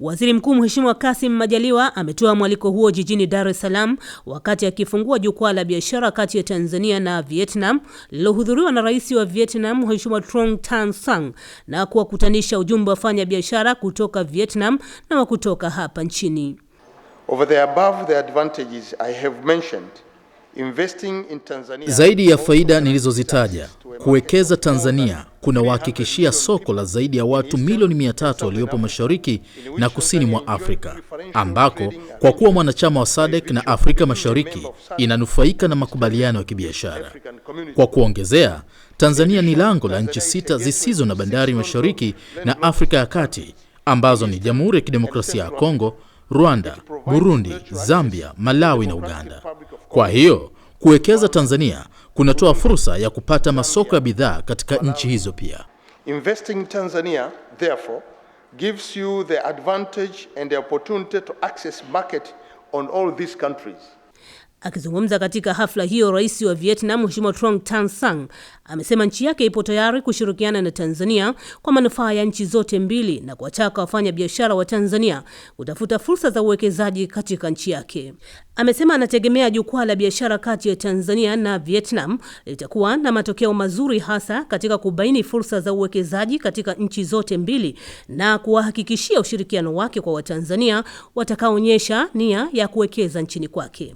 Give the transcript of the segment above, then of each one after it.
Waziri Mkuu Mheshimiwa Kassim Majaliwa ametoa mwaliko huo jijini Dar es Salaam wakati akifungua jukwaa la biashara kati ya Tanzania na Vietnam lililohudhuriwa na Rais wa Vietnam Mheshimiwa Trong Tan Sang na kuwakutanisha ujumbe wa fanya biashara kutoka Vietnam na wa kutoka hapa nchini. Over the above the advantages I have mentioned zaidi ya faida nilizozitaja, kuwekeza Tanzania kunawahakikishia soko la zaidi ya watu milioni mia tatu waliopo mashariki na kusini mwa Afrika, ambako kwa kuwa mwanachama wa SADC na Afrika Mashariki inanufaika na makubaliano ya kibiashara. Kwa kuongezea, Tanzania ni lango la nchi sita zisizo na bandari mashariki na Afrika ya Kati ambazo ni Jamhuri ya Kidemokrasia ya Kongo, Rwanda, Burundi, Zambia, Malawi na Uganda. Kwa hiyo kuwekeza Tanzania kunatoa fursa ya kupata masoko ya bidhaa katika nchi hizo pia. Investing in Tanzania therefore gives you the advantage and the opportunity to access market on all these countries. Akizungumza katika hafla hiyo, rais wa Vietnam Mheshimiwa Trong Tan Sang amesema nchi yake ipo tayari kushirikiana na Tanzania kwa manufaa ya nchi zote mbili na kuwataka wafanya biashara wa Tanzania kutafuta fursa za uwekezaji katika nchi yake. Amesema anategemea jukwaa la biashara kati ya Tanzania na Vietnam litakuwa na matokeo mazuri hasa katika kubaini fursa za uwekezaji katika nchi zote mbili na kuwahakikishia ushirikiano wake kwa Watanzania watakaonyesha nia ya kuwekeza nchini kwake.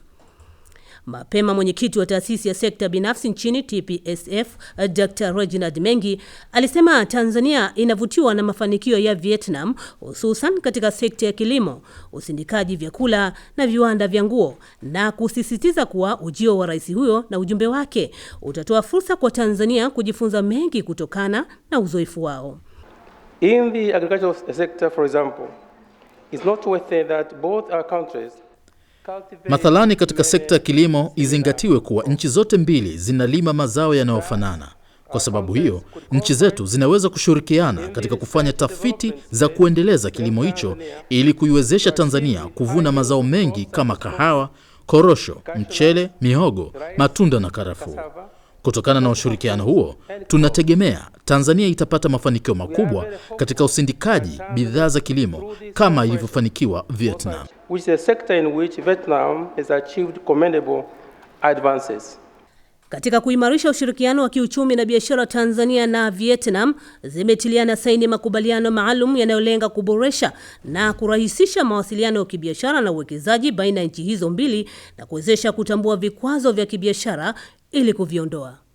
Mapema mwenyekiti wa taasisi ya sekta binafsi nchini TPSF, eh, Dr. Reginald Mengi alisema Tanzania inavutiwa na mafanikio ya Vietnam hususan katika sekta ya kilimo, usindikaji vyakula na viwanda vya nguo na kusisitiza kuwa ujio wa rais huyo na ujumbe wake utatoa fursa kwa Tanzania kujifunza mengi kutokana na uzoefu wao. In the agricultural sector, for example, it's noteworthy that both our countries Mathalani, katika sekta ya kilimo, izingatiwe kuwa nchi zote mbili zinalima mazao yanayofanana. Kwa sababu hiyo, nchi zetu zinaweza kushirikiana katika kufanya tafiti za kuendeleza kilimo hicho ili kuiwezesha Tanzania kuvuna mazao mengi kama kahawa, korosho, mchele, mihogo, matunda na karafuu. Kutokana na ushirikiano huo, tunategemea Tanzania itapata mafanikio makubwa katika usindikaji bidhaa za kilimo kama ilivyofanikiwa Vietnam. Katika kuimarisha ushirikiano wa kiuchumi na biashara, Tanzania na Vietnam zimetiliana saini makubaliano maalum yanayolenga kuboresha na kurahisisha mawasiliano ya kibiashara na uwekezaji baina ya nchi hizo mbili na kuwezesha kutambua vikwazo vya kibiashara ili kuviondoa.